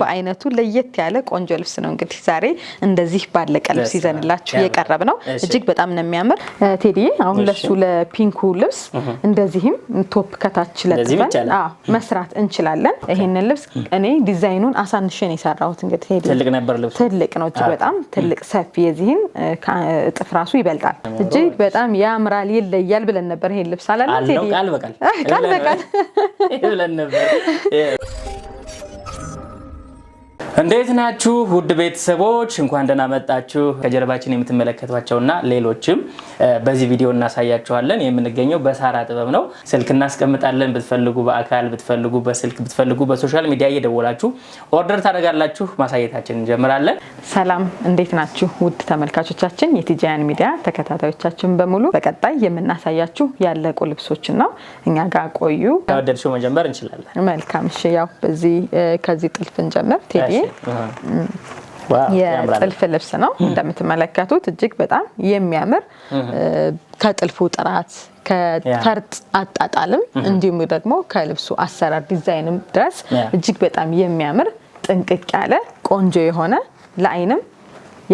በአይነቱ ለየት ያለ ቆንጆ ልብስ ነው። እንግዲህ ዛሬ እንደዚህ ባለቀ ልብስ ይዘንላችሁ የቀረብ ነው። እጅግ በጣም ነው የሚያምር ቴዲዬ። አሁን ለሱ ለፒንኩ ልብስ እንደዚህም ቶፕ ከታች ለጥፈን መስራት እንችላለን። ይሄንን ልብስ እኔ ዲዛይኑን አሳንሽን የሰራሁት እንግዲህ ትልቅ ነበር ልብስ ትልቅ ነው፣ እጅግ በጣም ትልቅ ሰፊ፣ የዚህን እጥፍ ራሱ ይበልጣል። እጅግ በጣም ያምራል፣ ይለያል ብለን ነበር። ይሄን ልብስ አላለ ቃል በቃል ቃል በቃል ብለን ነበር እንዴት ናችሁ ውድ ቤተሰቦች፣ እንኳን ደህና መጣችሁ። ከጀርባችን የምትመለከቷቸውና ሌሎችም በዚህ ቪዲዮ እናሳያችኋለን። የምንገኘው በሳራ ጥበብ ነው። ስልክ እናስቀምጣለን። ብትፈልጉ በአካል ብትፈልጉ በስልክ ብትፈልጉ በሶሻል ሚዲያ እየደወላችሁ ኦርደር ታደርጋላችሁ። ማሳየታችን እንጀምራለን። ሰላም፣ እንዴት ናችሁ ውድ ተመልካቾቻችን፣ የቲጃያን ሚዲያ ተከታታዮቻችን በሙሉ በቀጣይ የምናሳያችሁ ያለቁ ልብሶችን ነው። እኛ ጋር ቆዩ። ከወደድሽው መጀመር እንችላለን። መልካም። ያው በዚህ ከዚህ ጥልፍ እንጀምር ቴዲ የጥልፍ ልብስ ነው እንደምትመለከቱት እጅግ በጣም የሚያምር ከጥልፉ ጥራት ከፈርጥ አጣጣልም እንዲሁም ደግሞ ከልብሱ አሰራር ዲዛይንም ድረስ እጅግ በጣም የሚያምር ጥንቅቅ ያለ ቆንጆ የሆነ ለአይንም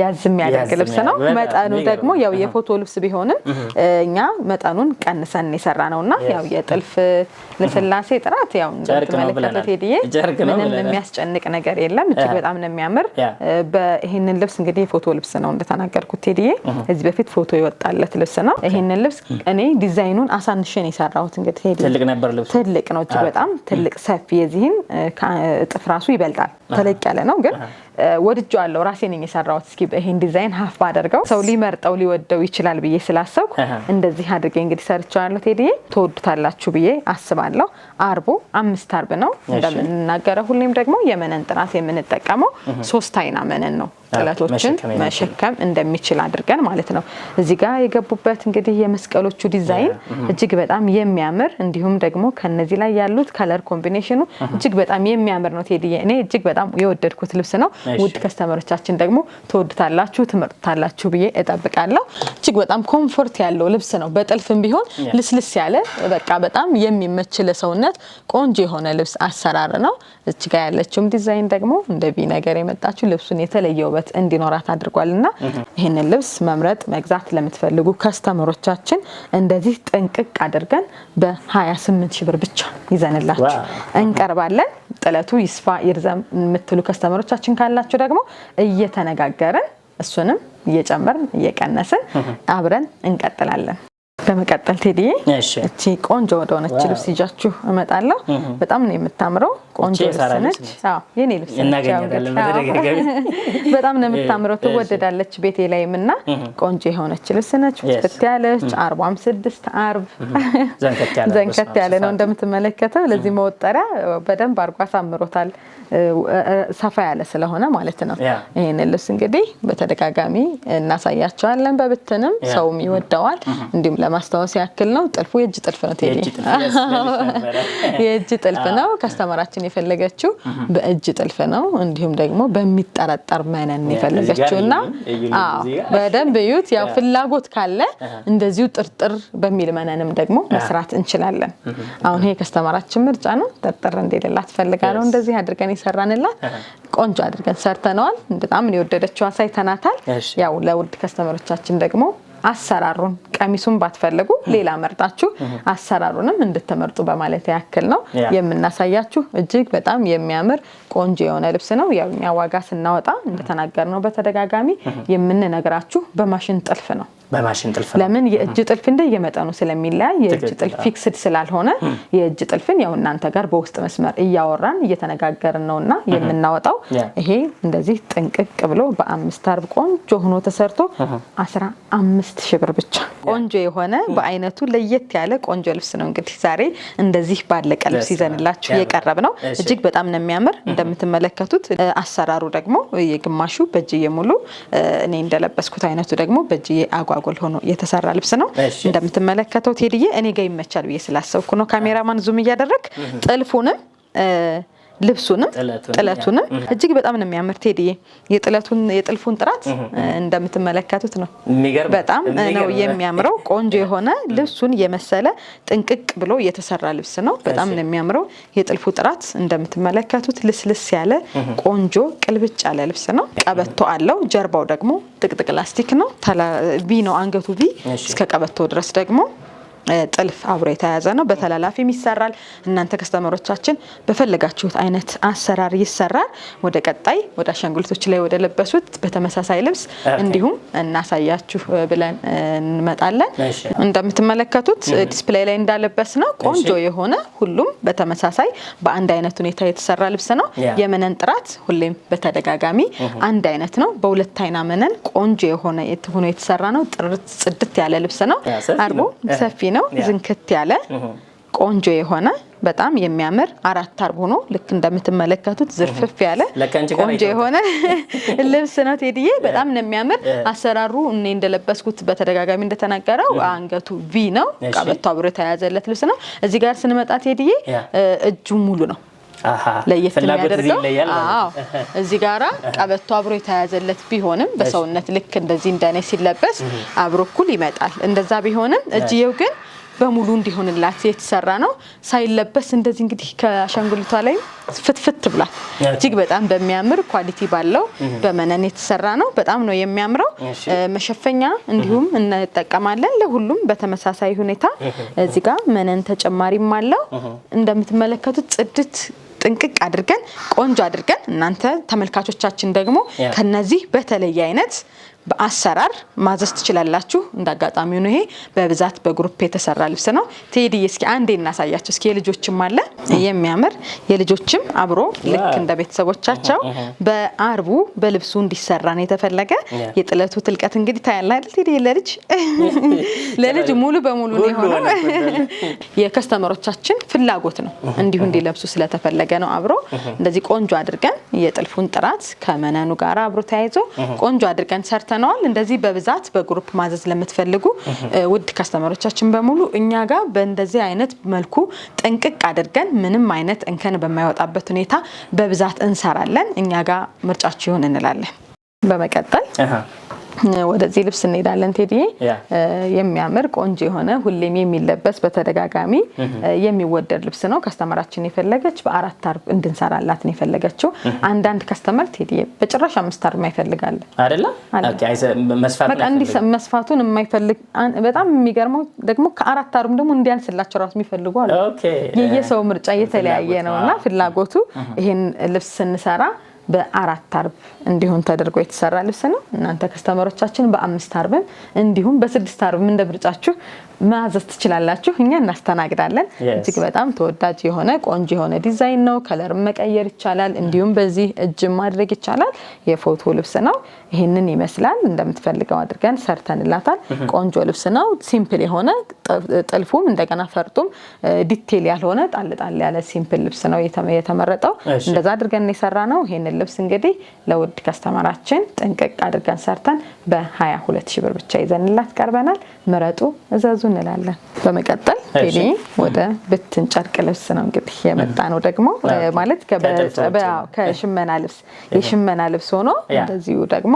ያዝ የሚያደርግ ልብስ ነው። መጠኑ ደግሞ ያው የፎቶ ልብስ ቢሆንም እኛ መጠኑን ቀንሰን የሰራ ነው እና ያው የጥልፍ ልስላሴ ጥራት ያው እንደተመለከተት ሄድዬ ምንም የሚያስጨንቅ ነገር የለም። እጅግ በጣም ነው የሚያምር። ይህንን ልብስ እንግዲህ የፎቶ ልብስ ነው እንደተናገርኩት ሄድዬ እዚህ በፊት ፎቶ ይወጣለት ልብስ ነው። ይህንን ልብስ እኔ ዲዛይኑን አሳንሽን የሰራሁት እንግዲህ ሄድዬ ትልቅ ነው፣ እጅግ በጣም ትልቅ ሰፊ የዚህን እጥፍ ራሱ ይበልጣል። ተለቅ ያለ ነው ግን ወድጆ አለው ራሴ ነኝ የሰራሁት። እስኪ ይሄን ዲዛይን ሀፍ ባደርገው ሰው ሊመርጠው ሊወደው ይችላል ብዬ ስላሰብኩ እንደዚህ አድርጌ እንግዲህ ሰርቼዋለሁ። ቴዲዬ ትወዱታላችሁ ብዬ አስባለሁ። አርቡ አምስት አርብ ነው እንደምንናገረው ሁሌም ደግሞ የመነን ጥናት የምንጠቀመው ሶስት አይና መነን ነው። ጠላቶችን መሸከም እንደሚችል አድርገን ማለት ነው። እዚህ ጋር የገቡበት እንግዲህ የመስቀሎቹ ዲዛይን እጅግ በጣም የሚያምር እንዲሁም ደግሞ ከነዚህ ላይ ያሉት ከለር ኮምቢኔሽኑ እጅግ በጣም የሚያምር ነው። ቴዲ እኔ እጅግ በጣም የወደድኩት ልብስ ነው። ውድ ከስተመሮቻችን ደግሞ ትወዱታላችሁ፣ ትመርጡታላችሁ ብዬ እጠብቃለሁ። እጅግ በጣም ኮምፎርት ያለው ልብስ ነው። በጥልፍም ቢሆን ልስልስ ያለ በቃ በጣም የሚመች ለሰውነት ቆንጆ የሆነ ልብስ አሰራር ነው። እጅጋ ያለችውም ዲዛይን ደግሞ እንደ ቪ ነገር የመጣችው ልብሱን የተለየ ውበት ትኩረት እንዲኖራት አድርጓል እና ይህንን ልብስ መምረጥ መግዛት ለምትፈልጉ ከስተመሮቻችን እንደዚህ ጥንቅቅ አድርገን በ28 ሺ ብር ብቻ ይዘንላችሁ እንቀርባለን። ጥለቱ ይስፋ ይርዘም የምትሉ ከስተመሮቻችን ካላችሁ ደግሞ እየተነጋገርን እሱንም እየጨመርን እየቀነስን አብረን እንቀጥላለን። በመቀጠል ቴዲዬ እቺ ቆንጆ ወደሆነች ልብስ ይዣችሁ እመጣለሁ። በጣም ነው የምታምረው። ቆንጆ ልብስነች የኔ ልብስ በጣም ነው የምታምረው። ትወደዳለች ቤቴ ላይም እና ቆንጆ የሆነች ልብስ ነች። ፍት ያለች አርቧም ስድስት አርብ ዘንከት ያለ ነው እንደምትመለከተው። ለዚህ መወጠሪያ በደንብ አርጎ አሳምሮታል። ሰፋ ያለ ስለሆነ ማለት ነው። ይህንን ልብስ እንግዲህ በተደጋጋሚ እናሳያቸዋለን። በብትንም ሰውም ይወደዋል እንዲሁም ለማስታወስ ያክል ነው። ጥልፉ የእጅ ጥልፍ ነው። ቴዲ የእጅ ጥልፍ ነው። ከስተመራችን የፈለገችው በእጅ ጥልፍ ነው። እንዲሁም ደግሞ በሚጠረጠር መነን የፈለገችው እና በደንብ እዩት። ያው ፍላጎት ካለ እንደዚሁ ጥርጥር በሚል መነንም ደግሞ መስራት እንችላለን። አሁን ይሄ ከስተመራችን ምርጫ ነው። ጥርጥር እንደሌላት ፈልጋ ነው እንደዚህ አድርገን የሰራንላት ቆንጆ አድርገን ሰርተነዋል። በጣም የወደደችው አሳይተናታል። ያው ለውድ ከስተመሮቻችን ደግሞ አሰራሩን ቀሚሱን ባትፈልጉ ሌላ መርጣችሁ አሰራሩንም እንድትመርጡ በማለት ያክል ነው የምናሳያችሁ። እጅግ በጣም የሚያምር ቆንጆ የሆነ ልብስ ነው። ያው እኛ ዋጋ ስናወጣ እንደተናገርነው በተደጋጋሚ የምንነግራችሁ በማሽን ጥልፍ ነው። በማሽን ጥልፍ ለምን የእጅ ጥልፍ እንደ የመጠኑ ስለሚለያይ የእጅ ጥልፍ ፊክስድ ስላልሆነ የእጅ ጥልፍን ያው እናንተ ጋር በውስጥ መስመር እያወራን እየተነጋገርን እና የምናወጣው ይሄ እንደዚህ ጥንቅቅ ብሎ በአምስት አርብ ቆንጆ ሆኖ ተሰርቶ አስራ አምስት አምስት ሺህ ብር ብቻ ቆንጆ የሆነ በአይነቱ ለየት ያለ ቆንጆ ልብስ ነው። እንግዲህ ዛሬ እንደዚህ ባለቀ ልብስ ይዘንላችሁ የቀረብ ነው። እጅግ በጣም ነው የሚያምር እንደምትመለከቱት። አሰራሩ ደግሞ የግማሹ በእጅዬ ሙሉ እኔ እንደለበስኩት አይነቱ ደግሞ በእጅዬ አጓጉል ሆኖ የተሰራ ልብስ ነው እንደምትመለከተው። ቴድዬ እኔ ጋ ይመቻል ብዬ ስላሰብኩ ነው ካሜራማን ዙም እያደረግ ጥልፉንም ልብሱንም ጥለቱንም እጅግ በጣም ነው የሚያምር ቴዲ የጥለቱን የጥልፉን ጥራት እንደምትመለከቱት ነው። በጣም ነው የሚያምረው። ቆንጆ የሆነ ልብሱን የመሰለ ጥንቅቅ ብሎ የተሰራ ልብስ ነው። በጣም ነው የሚያምረው። የጥልፉ ጥራት እንደምትመለከቱት ልስልስ ያለ ቆንጆ ቅልብጭ ያለ ልብስ ነው። ቀበቶ አለው። ጀርባው ደግሞ ጥቅጥቅ ላስቲክ ነው። ቢ ነው አንገቱ ቪ እስከ ቀበቶ ድረስ ደግሞ ጥልፍ አብሮ የተያያዘ ነው። በተላላፊም ይሰራል። እናንተ ከስተመሮቻችን በፈለጋችሁት አይነት አሰራር ይሰራል። ወደ ቀጣይ ወደ አሻንጉሊቶች ላይ ወደ ለበሱት በተመሳሳይ ልብስ እንዲሁም እናሳያችሁ ብለን እንመጣለን። እንደምትመለከቱት ዲስፕሌይ ላይ እንዳለበስ ነው። ቆንጆ የሆነ ሁሉም በተመሳሳይ በአንድ አይነት ሁኔታ የተሰራ ልብስ ነው። የመነን ጥራት ሁሌም በተደጋጋሚ አንድ አይነት ነው። በሁለት አይና መነን ቆንጆ የሆነ ሆኖ የተሰራ ነው። ጥርት ጽድት ያለ ልብስ ነው። አርቦ ሰፊ ነው። ዝንክት ያለ ቆንጆ የሆነ በጣም የሚያምር አራት አርብ ሆኖ ልክ እንደምትመለከቱት ዝርፍፍ ያለ ቆንጆ የሆነ ልብስ ነው ቴዲዬ። በጣም ነው የሚያምር አሰራሩ። እኔ እንደለበስኩት በተደጋጋሚ እንደተናገረው አንገቱ ቪ ነው፣ ቀበቶ አብሮ የተያያዘለት ልብስ ነው። እዚህ ጋር ስንመጣ ቴዲዬ እጁ ሙሉ ነው ለየት የሚያደርገው እዚህ ጋራ ቀበቶ አብሮ የተያዘለት ቢሆንም በሰውነት ልክ እንደዚህ እንደኔ ሲለበስ አብሮ እኩል ይመጣል። እንደዛ ቢሆንም እጅየው ግን በሙሉ እንዲሆንላት የተሰራ ነው። ሳይለበስ እንደዚህ እንግዲህ ከአሻንጉሊቷ ላይ ፍትፍት ብሏል። እጅግ በጣም በሚያምር ኳሊቲ ባለው በመነን የተሰራ ነው። በጣም ነው የሚያምረው። መሸፈኛ እንዲሁም እንጠቀማለን ለሁሉም በተመሳሳይ ሁኔታ። እዚህ ጋር መነን ተጨማሪም አለው እንደምትመለከቱት ጽድት ጥንቅቅ አድርገን ቆንጆ አድርገን እናንተ ተመልካቾቻችን ደግሞ ከነዚህ በተለየ አይነት በአሰራር ማዘዝ ትችላላችሁ። እንደ አጋጣሚ ይሄ በብዛት በግሩፕ የተሰራ ልብስ ነው። ቴዲ እስኪ አንዴ እናሳያቸው እስኪ። የልጆችም አለ የሚያምር የልጆችም አብሮ ልክ እንደ ቤተሰቦቻቸው በአርቡ በልብሱ እንዲሰራ ነው የተፈለገ። የጥለቱ ትልቀት እንግዲህ ታያለህ አይደል ቴዲ? ለልጅ ለልጅ ሙሉ በሙሉ ነው የሆነው። የከስተመሮቻችን ፍላጎት ነው እንዲሁ እንዲለብሱ ስለተፈለገ ነው። አብሮ እንደዚህ ቆንጆ አድርገን የጥልፉን ጥራት ከመነኑ ጋር አብሮ ተያይዞ ቆንጆ አድርገን ሰርተ ሰርተነዋል። እንደዚህ በብዛት በግሩፕ ማዘዝ ለምትፈልጉ ውድ ከስተመሮቻችን በሙሉ እኛ ጋር በእንደዚህ አይነት መልኩ ጥንቅቅ አድርገን ምንም አይነት እንከን በማይወጣበት ሁኔታ በብዛት እንሰራለን። እኛ ጋር ምርጫችሁን እንላለን። በመቀጠል ወደዚህ ልብስ እንሄዳለን ቴዲ የሚያምር ቆንጆ የሆነ ሁሌም የሚለበስ በተደጋጋሚ የሚወደድ ልብስ ነው። ከስተመራችን የፈለገች በአራት አርብ እንድንሰራላት ነው የፈለገችው። አንዳንድ ከስተመር ቴዲ በጭራሽ አምስት አርብ ማይፈልጋል አይደለ? መስፋቱን የማይፈልግ በጣም የሚገርመው ደግሞ ከአራት አርብ ደግሞ እንዲያንስላቸው ራሱ የሚፈልጉ አሉ። የየሰው ምርጫ የተለያየ ነው እና ፍላጎቱ ይሄን ልብስ ስንሰራ በአራት አርብ እንዲሁም ተደርጎ የተሰራ ልብስ ነው። እናንተ ከስተመሮቻችን በአምስት አርብም እንዲሁም በስድስት አርብም እንደ ምርጫችሁ ማዘዝ ትችላላችሁ። እኛ እናስተናግዳለን። እጅግ በጣም ተወዳጅ የሆነ ቆንጆ የሆነ ዲዛይን ነው። ከለር መቀየር ይቻላል። እንዲሁም በዚህ እጅ ማድረግ ይቻላል። የፎቶ ልብስ ነው። ይህንን ይመስላል። እንደምትፈልገው አድርገን ሰርተንላታል። ቆንጆ ልብስ ነው። ሲምፕል የሆነ ጥልፉም እንደገና ፈርጡም ዲቴል ያልሆነ ጣል ጣል ያለ ሲምፕል ልብስ ነው የተመረጠው። እንደዛ አድርገን የሰራ ነው። ይህንን ልብስ እንግዲህ ለውድ ውድ ከስተመራችን ጥንቅቅ አድርገን ሰርተን በ22 ሺ ብር ብቻ ይዘንላት ቀርበናል። ምረጡ፣ እዘዙ እንላለን። በመቀጠል ቴዲ ወደ ብትን ጨርቅ ልብስ ነው እንግዲህ የመጣ ነው ደግሞ ማለት ከሽመና ልብስ የሽመና ልብስ ሆኖ እንደዚሁ ደግሞ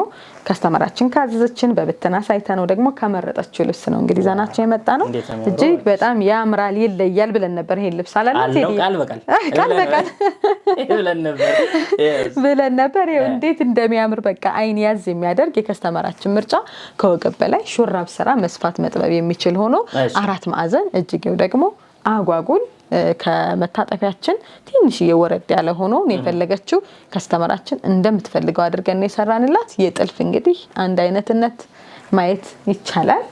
ከስተመራችን ካዘዘችን በብትና ሳይተ ነው ደግሞ ከመረጠችው ልብስ ነው እንግዲህ ዘናቸው የመጣ ነው። እጅግ በጣም ያምራል፣ ይለያል ብለን ነበር። ይሄን ልብስ አላለ ቃል በቃል ብለን ነበር። ይኸው እንዴት እንደሚያምር በቃ አይን ያዝ የሚያደርግ የከስተመራችን ምርጫ ከወገብ በላይ ሹራብ ስራ መስፋት መጥበብ የሚችል ሆኖ አራት ማዕዘን እጅጌው ደግሞ አጓጉል ከመታጠፊያችን ትንሽዬ ወረድ ያለ ሆኖ የፈለገችው ከስተመራችን እንደምትፈልገው አድርገን የሰራንላት የጥልፍ እንግዲህ አንድ አይነትነት ማየት ይቻላል።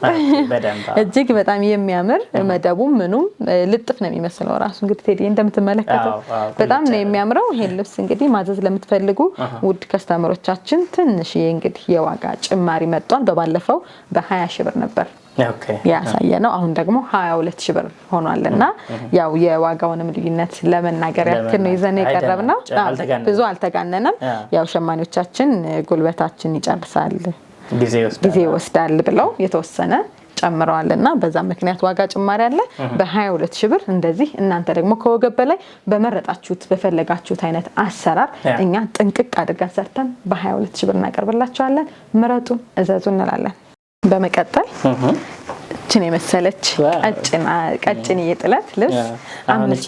እጅግ በጣም የሚያምር መደቡም ምኑም ልጥፍ ነው የሚመስለው ራሱ እንግዲህ ቴዲ እንደምትመለከተው በጣም ነው የሚያምረው። ይሄን ልብስ እንግዲህ ማዘዝ ለምትፈልጉ ውድ ከስተመሮቻችን ትንሽዬ እንግዲህ የዋጋ ጭማሪ መጥቷል። በባለፈው በሀያ ሺህ ብር ነበር ያሳየ ነው። አሁን ደግሞ ሀያ ሁለት ሺህ ብር ሆኗል እና ያው የዋጋውንም ልዩነት ለመናገር ያክል ነው ይዘን የቀረብ ነው። ብዙ አልተጋነነም። ያው ሸማኔዎቻችን ጉልበታችን ይጨርሳል ጊዜ ይወስዳል ብለው የተወሰነ ጨምረዋል እና በዛ ምክንያት ዋጋ ጭማሪ አለ በ22 ሺህ ብር። እንደዚህ እናንተ ደግሞ ከወገብ በላይ በመረጣችሁት በፈለጋችሁት አይነት አሰራር እኛ ጥንቅቅ አድርገን ሰርተን በ22 ሺህ ብር እናቀርብላቸዋለን። ምረጡ፣ እዘዙ እንላለን። በመቀጠል ይችን የመሰለች ቀጭን የጥለት ልብስ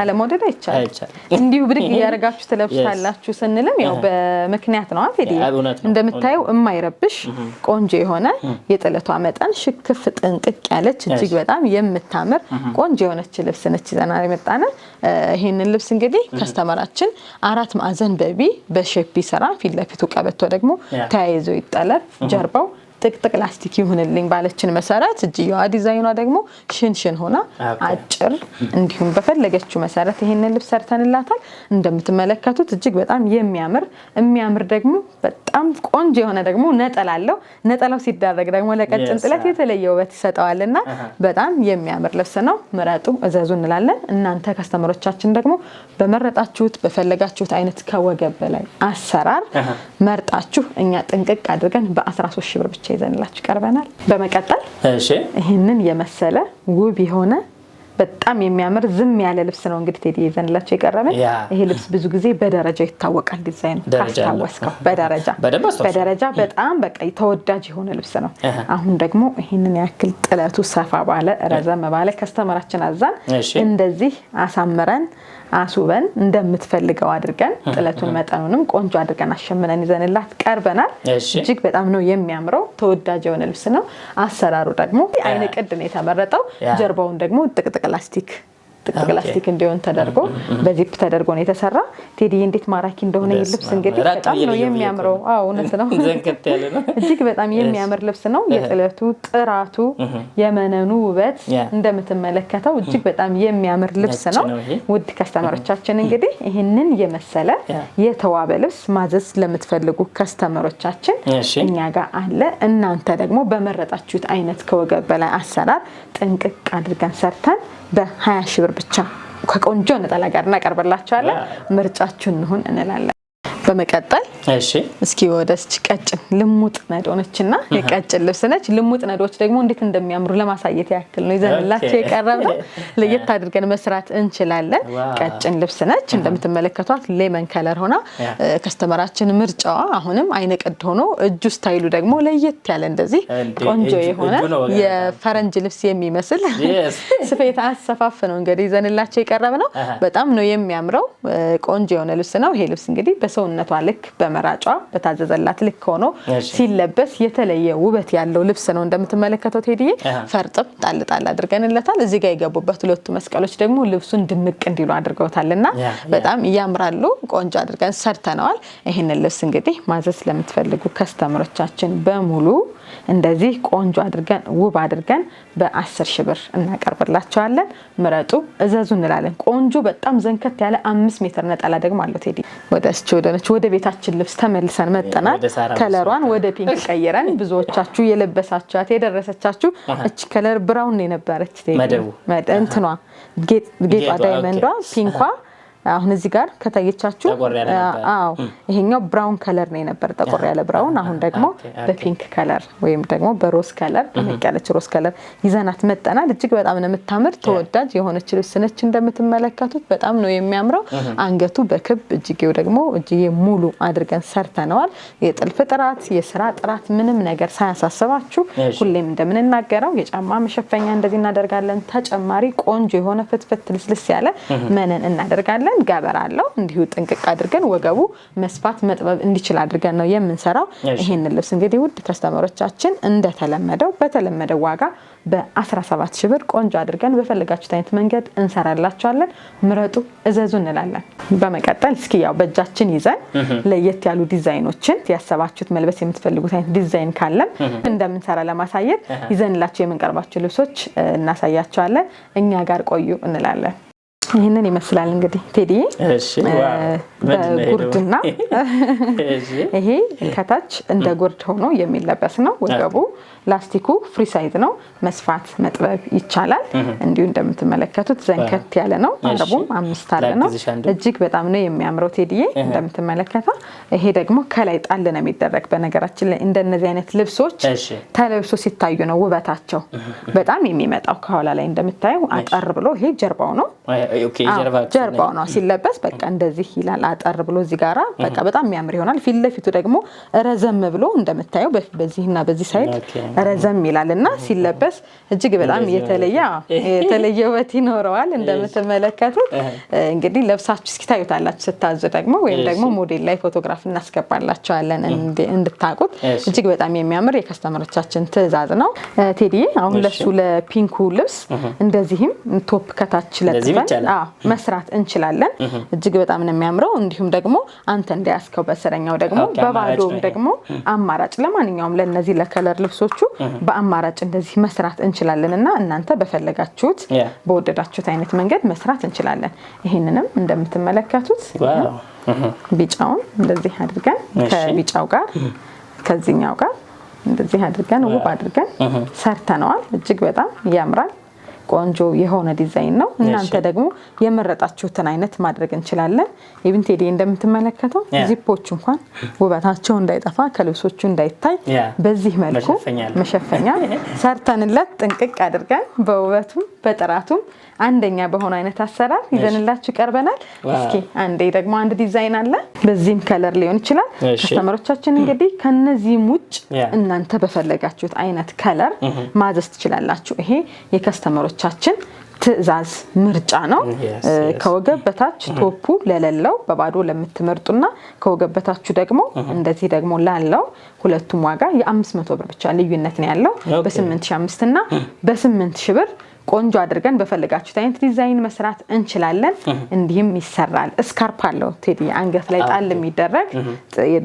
አለመውደድ አይቻልም። እንዲሁ ብድግ እያደረጋችሁ ትለብሳላችሁ ስንልም ያው በምክንያት ነው። ቴዲ እንደምታየው የማይረብሽ ቆንጆ የሆነ የጥለቷ መጠን ሽክፍ ጥንቅቅ ያለች እጅግ በጣም የምታምር ቆንጆ የሆነች ልብስ ነች ይዘና የመጣነ ይህንን ልብስ እንግዲህ ከስተመራችን አራት ማዕዘን በቢ በሸፒ ስራ ፊት ለፊቱ ቀበቶ ደግሞ ተያይዞ ይጠለፍ ጀርባው ጥቅጥቅ ላስቲክ ይሁንልኝ ባለችን መሰረት እጅየዋ ዲዛይኗ ደግሞ ሽንሽን ሆና አጭር እንዲሁም በፈለገችው መሰረት ይሄንን ልብስ ሰርተንላታል። እንደምትመለከቱት እጅግ በጣም የሚያምር የሚያምር ደግሞ በጣም ቆንጆ የሆነ ደግሞ ነጠላ አለው። ነጠላው ሲዳረግ ደግሞ ለቀጭን ጥለት uh-huh. የተለየ ውበት ይሰጠዋል እና uh-huh. በጣም የሚያምር ልብስ ነው። ምረጡ፣ እዘዙ እንላለን። እናንተ ከስተመሮቻችን ደግሞ በመረጣችሁት በፈለጋችሁት አይነት ከወገብ በላይ አሰራር uh-huh. መርጣችሁ እኛ ጥንቅቅ አድርገን በ13 ሺ ብር ብቻ ይዘንላችሁ ቀርበናል። በመቀጠል ይህንን የመሰለ ውብ የሆነ በጣም የሚያምር ዝም ያለ ልብስ ነው። እንግዲህ ቴዲ ይዘንላቸው የቀረብን ይሄ ልብስ ብዙ ጊዜ በደረጃ ይታወቃል። ዲዛይኑ ካስታወስከው በደረጃ በደረጃ በጣም በቃ ተወዳጅ የሆነ ልብስ ነው። አሁን ደግሞ ይህንን ያክል ጥለቱ ሰፋ ባለ ረዘም ባለ ከስተመራችን አዛን እንደዚህ አሳምረን አስውበን እንደምትፈልገው አድርገን ጥለቱን መጠኑንም ቆንጆ አድርገን አሸምነን ይዘንላት ቀርበናል። እጅግ በጣም ነው የሚያምረው፣ ተወዳጅ የሆነ ልብስ ነው። አሰራሩ ደግሞ አይነ ቅድ ነው የተመረጠው። ጀርባውን ደግሞ ጥቅጥቅ ላስቲክ ጥቅ ፕላስቲክ እንዲሆን ተደርጎ በዚፕ ተደርጎ ነው የተሰራ። ቴዲ እንዴት ማራኪ እንደሆነ ልብስ እንግዲህ በጣም ነው የሚያምረው። እውነት ነው፣ እጅግ በጣም የሚያምር ልብስ ነው። የጥለቱ ጥራቱ፣ የመነኑ ውበት እንደምትመለከተው እጅግ በጣም የሚያምር ልብስ ነው። ውድ ከስተመሮቻችን እንግዲህ ይህንን የመሰለ የተዋበ ልብስ ማዘዝ ለምትፈልጉ ከስተመሮቻችን እኛ ጋር አለ። እናንተ ደግሞ በመረጣችሁት አይነት ከወገብ በላይ አሰራር ጥንቅቅ አድርገን ሰርተን በሀያ ሺህ ብር ብቻ ከቆንጆ ነጠላ ጋር እናቀርብላችኋለን። ምርጫችሁ ሁን እንላለን። በመቀጠል እስኪ ወደች ቀጭን ልሙጥ ነድ እና የቀጭን ልብስ ነች። ልሙጥ ነዶች ደግሞ እንዴት እንደሚያምሩ ለማሳየት ያክል ነው ይዘንላቸው የቀረብነው። ለየት አድርገን መስራት እንችላለን። ቀጭን ልብስ ነች እንደምትመለከቷት፣ ሌመን ከለር ሆና ከስተመራችን ምርጫዋ። አሁንም አይነ ሆኖ እጁ ስታይሉ ደግሞ ለየት ያለ እንደዚህ ቆንጆ የሆነ የፈረንጅ ልብስ የሚመስል ስፌት አሰፋፍ ነው እንግዲህ ይዘንላቸው የቀረብነው። በጣም ነው የሚያምረው ቆንጆ የሆነ ልብስ ነው ይሄ ልብስ እንግዲህ በሰው በሰውነቷ ልክ በመራጯ በታዘዘላት ልክ ሆኖ ሲለበስ የተለየ ውበት ያለው ልብስ ነው። እንደምትመለከተው ቴዲዬ ፈርጥም ጣልጣል አድርገንለታል። እዚህ ጋር የገቡበት ሁለቱ መስቀሎች ደግሞ ልብሱን ድምቅ እንዲሉ አድርገውታል እና በጣም ያምራሉ። ቆንጆ አድርገን ሰርተነዋል። ይህንን ልብስ እንግዲህ ማዘዝ ለምትፈልጉ ከስተምሮቻችን በሙሉ እንደዚህ ቆንጆ አድርገን ውብ አድርገን በአስር ሺ ብር እናቀርብላቸዋለን። ምረጡ፣ እዘዙ እንላለን። ቆንጆ በጣም ዘንከት ያለ አምስት ሜትር ነጠላ ደግሞ አለው ቴዲ። ወደ ስችወደነች ወደ ቤታችን ልብስ ተመልሰን መጠናል። ከለሯን ወደ ፒንክ ቀይረን ብዙዎቻችሁ የለበሳችኋት የደረሰቻችሁ እች ከለር ብራውን የነበረች መደቡ እንትኗ ጌጧ ዳይመንዷ ፒንኳ አሁን እዚህ ጋር ከታየቻችሁ፣ አዎ ይሄኛው ብራውን ከለር ነው የነበር ጠቆር ያለ ብራውን። አሁን ደግሞ በፒንክ ከለር ወይም ደግሞ በሮስ ከለር ደመቅ ያለች ሮስ ከለር ይዘናት መጠናል። እጅግ በጣም ነው የምታምር ተወዳጅ የሆነች ልብስ ነች። እንደምትመለከቱት በጣም ነው የሚያምረው። አንገቱ በክብ እጅጌው ደግሞ እጅጌ ሙሉ አድርገን ሰርተነዋል። የጥልፍ ጥራት፣ የስራ ጥራት ምንም ነገር ሳያሳስባችሁ ሁሌም እንደምንናገረው የጫማ መሸፈኛ እንደዚህ እናደርጋለን። ተጨማሪ ቆንጆ የሆነ ፍትፍት ልስልስ ያለ መነን እናደርጋለን። አድርገን ገበር አለው እንዲሁ ጥንቅቅ አድርገን ወገቡ መስፋት መጥበብ እንዲችል አድርገን ነው የምንሰራው። ይህን ልብስ እንግዲህ ውድ ከስተመሮቻችን እንደተለመደው በተለመደው ዋጋ በ17 ሺህ ብር ቆንጆ አድርገን በፈለጋችሁት አይነት መንገድ እንሰራላችኋለን። ምረጡ፣ እዘዙ እንላለን። በመቀጠል እስኪ ያው በእጃችን ይዘን ለየት ያሉ ዲዛይኖችን ያሰባችሁት መልበስ የምትፈልጉት አይነት ዲዛይን ካለም እንደምንሰራ ለማሳየት ይዘንላቸው የምንቀርባቸው ልብሶች እናሳያቸዋለን። እኛ ጋር ቆዩ እንላለን። ይህንን ይመስላል እንግዲህ ቴዲ ጉርድና ይሄ ከታች እንደ ጉርድ ሆኖ የሚለበስ ነው። ወገቡ ላስቲኩ ፍሪ ሳይዝ ነው። መስፋት መጥበብ ይቻላል። እንዲሁ እንደምትመለከቱት ዘንከት ያለ ነው። አረቡም አምስት አለ ነው። እጅግ በጣም ነው የሚያምረው ቴዲዬ እንደምትመለከተው። ይሄ ደግሞ ከላይ ጣል ነው የሚደረግ። በነገራችን ላይ እንደነዚህ አይነት ልብሶች ተለብሶ ሲታዩ ነው ውበታቸው በጣም የሚመጣው። ከኋላ ላይ እንደምታየው አጠር ብሎ ይሄ ጀርባው ነው ጀርባው ነው ሲለበስ በቃ እንደዚህ ይላል። አጠር ብሎ እዚህ ጋራ በቃ በጣም የሚያምር ይሆናል። ፊት ለፊቱ ደግሞ ረዘም ብሎ እንደምታየው በዚህና በዚህ ሳይድ ረዘም ይላል እና ሲለበስ እጅግ በጣም የተለየ የተለየ ውበት ይኖረዋል። እንደምትመለከቱት እንግዲህ ለብሳችሁ እስኪ ታዩታላችሁ። ስታዙ ደግሞ ወይም ደግሞ ሞዴል ላይ ፎቶግራፍ እናስገባላቸዋለን እንድታቁት። እጅግ በጣም የሚያምር የከስተመሮቻችን ትዕዛዝ ነው። ቴዲዬ አሁን ለሱ ለፒንኩ ልብስ እንደዚህም ቶፕ ከታች ለጥፈን መስራት እንችላለን። እጅግ በጣም ነው የሚያምረው። እንዲሁም ደግሞ አንተ እንዳያስከው በስረኛው ደግሞ በባዶም ደግሞ አማራጭ ለማንኛውም ለእነዚህ ለከለር ልብሶቹ በአማራጭ እንደዚህ መስራት እንችላለን እና እናንተ በፈለጋችሁት በወደዳችሁት አይነት መንገድ መስራት እንችላለን። ይህንንም እንደምትመለከቱት ቢጫውን እንደዚህ አድርገን ከቢጫው ጋር ከዚህኛው ጋር እንደዚህ አድርገን ውብ አድርገን ሰርተነዋል። እጅግ በጣም ያምራል። ቆንጆ የሆነ ዲዛይን ነው። እናንተ ደግሞ የመረጣችሁትን አይነት ማድረግ እንችላለን። የቢንቴዲ እንደምትመለከተው ዚፖች እንኳን ውበታቸው እንዳይጠፋ ከልብሶቹ እንዳይታይ በዚህ መልኩ መሸፈኛ ሰርተንለት ጥንቅቅ አድርገን በውበቱም በጥራቱም አንደኛ በሆነ አይነት አሰራር ይዘንላችሁ ቀርበናል። እስኪ አንዴ ደግሞ አንድ ዲዛይን አለ፣ በዚህም ከለር ሊሆን ይችላል። ከስተመሮቻችን እንግዲህ ከነዚህም ውጭ እናንተ በፈለጋችሁት አይነት ከለር ማዘዝ ትችላላችሁ። ይሄ የከስተመሮቻችን ትዕዛዝ ምርጫ ነው። ከወገብ በታች ቶፑ ለሌለው በባዶ ለምትመርጡና ከወገብ በታችሁ ደግሞ እንደዚህ ደግሞ ላለው ሁለቱም ዋጋ የአምስት መቶ ብር ብቻ ልዩነት ነው ያለው በ አምስት እና በ ሺ ብር ቆንጆ አድርገን በፈለጋችሁት አይነት ዲዛይን መስራት እንችላለን። እንዲህም ይሰራል። እስካርፕ አለው ቴዲ አንገት ላይ ጣል የሚደረግ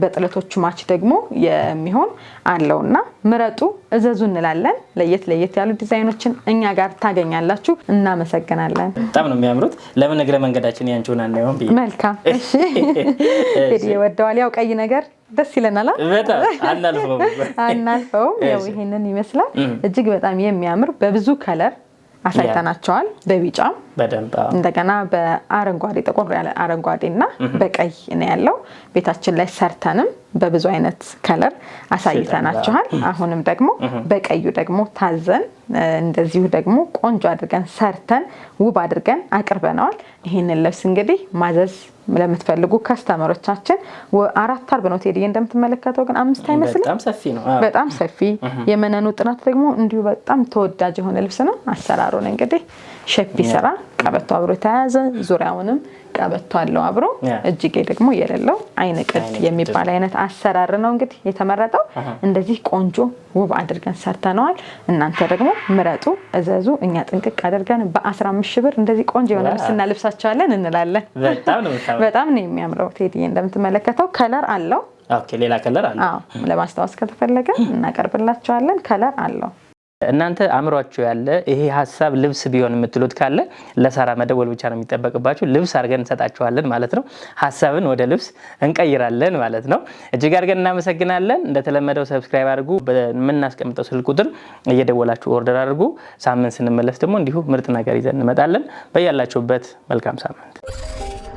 በጥለቶቹ ማች ደግሞ የሚሆን አለው እና ምረጡ፣ እዘዙ እንላለን። ለየት ለየት ያሉ ዲዛይኖችን እኛ ጋር ታገኛላችሁ። እናመሰግናለን። በጣም ነው የሚያምሩት። ለምን እግረ መንገዳችን ያንችሆን አናየሆን? መልካም እሺ። ቴዲ ወደዋል። ያው ቀይ ነገር ደስ ይለናል። አናልፈውም። ይመስላል እጅግ በጣም የሚያምር በብዙ ከለር አሳይተናቸዋል በቢጫም እንደገና በአረንጓዴ ጠቆር ያለ አረንጓዴ እና በቀይ ነው ያለው። ቤታችን ላይ ሰርተንም በብዙ አይነት ከለር አሳይተናችኋል። አሁንም ደግሞ በቀዩ ደግሞ ታዘን እንደዚሁ ደግሞ ቆንጆ አድርገን ሰርተን ውብ አድርገን አቅርበነዋል። ይህንን ልብስ እንግዲህ ማዘዝ ለምትፈልጉ ከስተመሮቻችን አራት አርብ ነው ቴዲ እንደምትመለከተው ግን አምስት አይመስልም። በጣም ሰፊ የመነኑ ጥናት ደግሞ እንዲሁ በጣም ተወዳጅ የሆነ ልብስ ነው። አሰራሩን እንግዲህ ሼፕ ቢሰራ ቀበቶ አብሮ የተያያዘ ዙሪያውንም ቀበቶ አለው አብሮ እጅጌ ደግሞ የሌለው አይን ቅድ የሚባል አይነት አሰራር ነው እንግዲህ የተመረጠው። እንደዚህ ቆንጆ ውብ አድርገን ሰርተነዋል። እናንተ ደግሞ ምረጡ፣ እዘዙ። እኛ ጥንቅቅ አድርገን በ15 ሺህ ብር እንደዚህ ቆንጆ የሆነ ልብስ እናልብሳቸዋለን እንላለን። በጣም ነው የሚያምረው። ቴዲዬ እንደምትመለከተው ከለር አለው። ሌላ ከለር አለው። ለማስታወስ ከተፈለገ እናቀርብላቸዋለን። ከለር አለው እናንተ አእምሯችሁ ያለ ይሄ ሀሳብ ልብስ ቢሆን የምትሉት ካለ ለሳራ መደወል ብቻ ነው የሚጠበቅባችሁ። ልብስ አድርገን እንሰጣችኋለን ማለት ነው። ሀሳብን ወደ ልብስ እንቀይራለን ማለት ነው። እጅግ አድርገን እናመሰግናለን። እንደተለመደው ሰብስክራይብ አድርጉ። በምናስቀምጠው ስልክ ቁጥር እየደወላችሁ ኦርደር አድርጉ። ሳምንት ስንመለስ ደግሞ እንዲሁ ምርጥ ነገር ይዘን እንመጣለን። በያላችሁበት መልካም ሳምንት